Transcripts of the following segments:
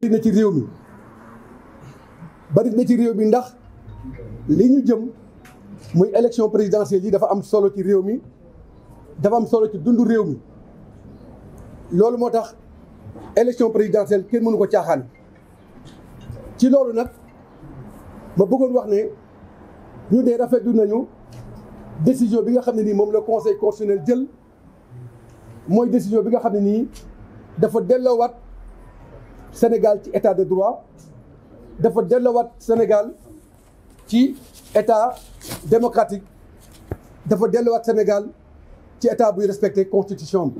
bari na ci réew mi bari na ci réew mi ndax li ñu jëm muy élection présidentielle yi dafa am solo ci réew mi dafa am solo ci dundu réew mi loolu moo tax élection présidentielle kenn mënu ko caaxaan ci loolu nag ma bëggoon wax ne ñu dee rafetlu nañu décision bi nga xam ne nii moom la conseil constitutionnel jël mooy décision bi nga xam ne nii dafa delloowaat Sénégal ci état de droit dafa dellowaat Sénégal ci état démocratique dafa du Sénégal ci état respecter la constitution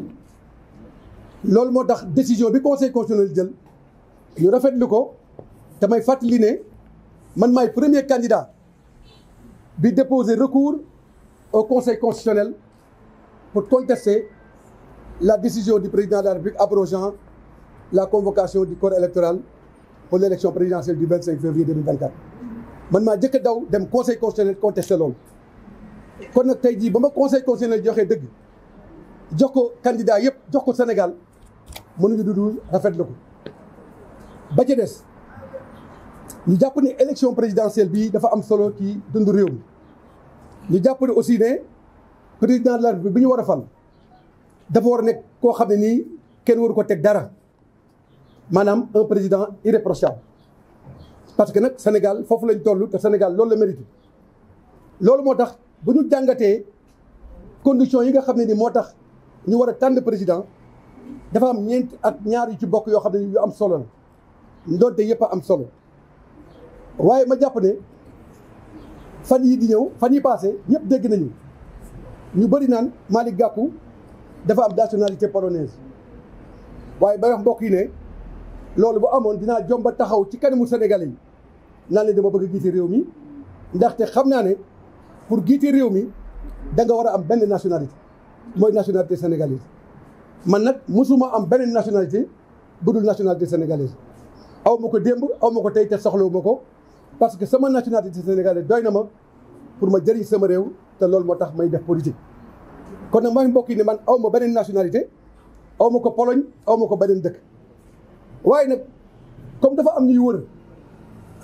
lool loolu décision du conseil constitutionnel jël ñu rafetlu ko damay Je suis man premier candidat bi déposer recours au conseil constitutionnel pour contester la décision du président de la République abrogeant la convocation du corps électoral pour l'élection présidentielle du 25 février 2024. man maa jëkk daw dem conseil constitutionnel contesté Je kon nag tey jii ba ma conseil constitutionnel est dëgg jox candidat yep jox ko Sénégal Je Doudou rafet la le ba ca des ñu ne élection présidentielle bi dafa am solo ci dundu réew mi ñu jàpp aussi ne président de la République bi ñu war fal est war a nekk ne dara. Madame un président irréprochable parce que le Sénégal il lañ que le Sénégal loolu le mérite loolu moo si nous avons des conditions yi Nous ne ni de ñu a président dafa am de ak ñaar yu ci bokk gens xam ne am solo am solo ma qui fan passé dégg nañu ñu Gakou dafa nationalité polonaise ba wax loolu bu amoon dinaa jomba taxaw ci kanamu Sénégalais naa naan leen dama bëgg a jiite réew mi ndaxte xam naa ne pour jiite réew mi da nga war a am benn nationalité mooy nationalité sénégalaise man nag mësuma am benn nationalité bu dul nationalité sénégalaise aw ma ko démb aw ma ko tey te soxlawu ma ko parce que sama nationalité sénégalaise doy na ma pour ma jëriñ sama réew te loolu moo tax may def politique kon nag maa mbokk yi ne man aw ma beneen nationalité aw ma ko Pologne aw ma ko beneen dëkk waaye nag comme dafa am ñuy wër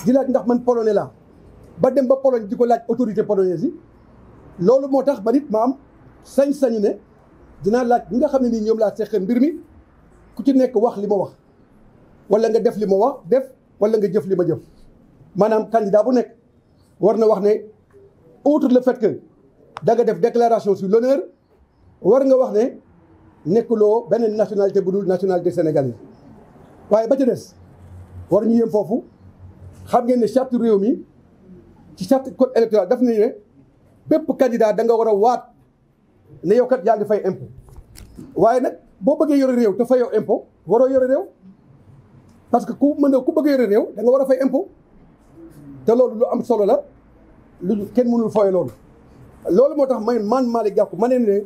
di laaj ndax man polone la ba dem ba Pologne di ko laaj autorité polonaise yi loolu moo tax ba nit ma am sañ-sañu ne dinaa laaj bi nga xam ne nii ñoom laa seqee mbir mi ku ci nekk wax li ma wax wala nga def li ma wax def wala nga jëf li ma jëf maanaam candidat bu nekk war na wax ne outre la fait que da nga def déclaration sur l'honneur war nga wax ne nekkuloo benn nationalité bu dul sénégal yi waaye ba ca des war ñu yem foofu xam ngeen ne charte réew mi ci charte code électoral daf nañu ne bépp candidat da nga war a waat ne yow kat yaa ngi fay impôt waaye nag boo bëggee yore réew te fayoo impôt waroo yore réew parce que ku mën a ku bëggee yore réew da nga war a fay impôt te loolu lu am solo la lu kenn mënul fooye loolu loolu moo tax may man Malick Gakou man ne ne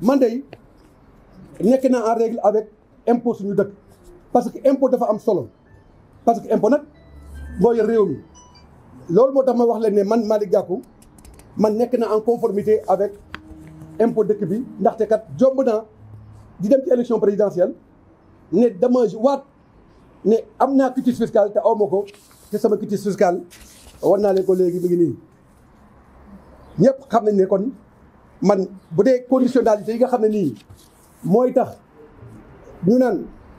man day nekk naa en règle avec impôt suñu dëkk parce que impôt dafa am solo parce que impôt nak boy réew mi loolu motax ma wax le ne man Malick Gakou man nek na en conformité avec impôt dëkk bi ndaxte kat jomb naa di dem ci élection présidentielle ne dama waat ne am naa quitus fiscal awmako aw te sama quitus fiscal war n'a leen ko léegi mi ngi nii ñëpp xam nañ ne kon man bu dee conditionnalité yi nga xam ni nii mooy tax ñu nan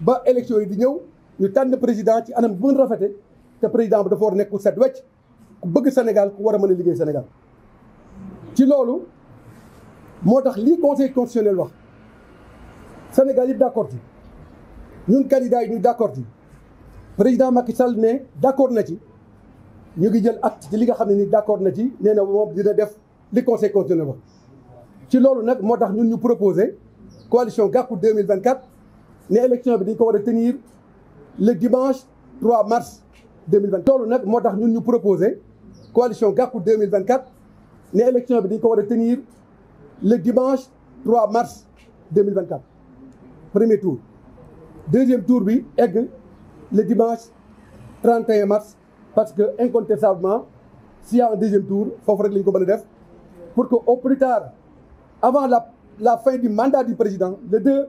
ba élection yi di ñëw ñu tànn président ci anam bi mën rafete te président bi dafa war nekk set wecc ku bëgg Sénégal ku war a mën a liggéey Sénégal ci loolu moo tax lii conseil constitutionnel wax Sénégal yëpp d' accord ci ñun candidat yi ñu d' accord ci président Macky Sall ne d' accord na ci ñu ngi jël acte ci li nga xam ne ni d' accord na ci nee na moom dina def li conseil constitutionnel wax ci loolu nag moo tax ñun ñu proposé coalition Gakou 2024 les élections bi tenir le dimanche 3 mars 2020 nous nous proposons coalition ñun ñu coalition 2024 Les élections bi tenir le dimanche 3 mars 2024 premier tour deuxième tour oui, le dimanche 31 mars parce que incontestablement s'il y a un deuxième tour il faut faire ko pour que plus tard avant la fin du mandat du président les deux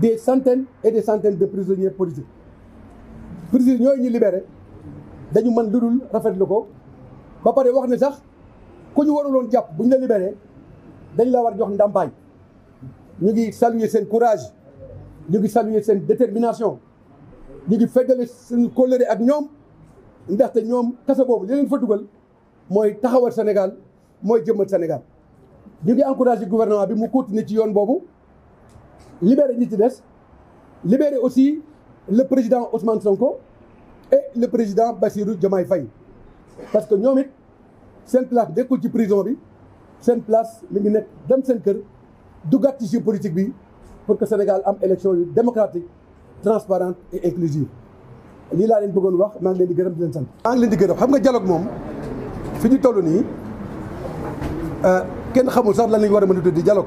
des centaines et des centaines de prisonniers politiques prisonniers sont ñu Ils dañu mën lu dul nous ba wax ne la courage Nous saluons salué détermination ñu ngi feddale colère. un ak ñoom ndaxte ñoom kasa boobu li leen fa dugal mooy Nous Sénégal mooy jëmmal Sénégal Nous ngi encouragé gouvernement bi mu continuer ci libérer Nitides, libérer aussi le président Ousmane Sonko et le président Bassirou Diomaye parce que nous avons une place de prison bi place de politique pour que Sénégal une élection démocratique transparente et inclusive c'est ce que nous wax dialogue dialogue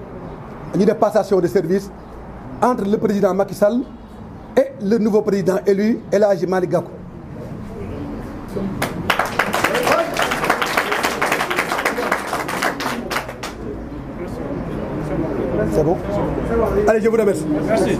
ni de passation de service entre le président Macky Sall et le nouveau président élu El Hadji C'est bon Allez, je vous remercie. Merci.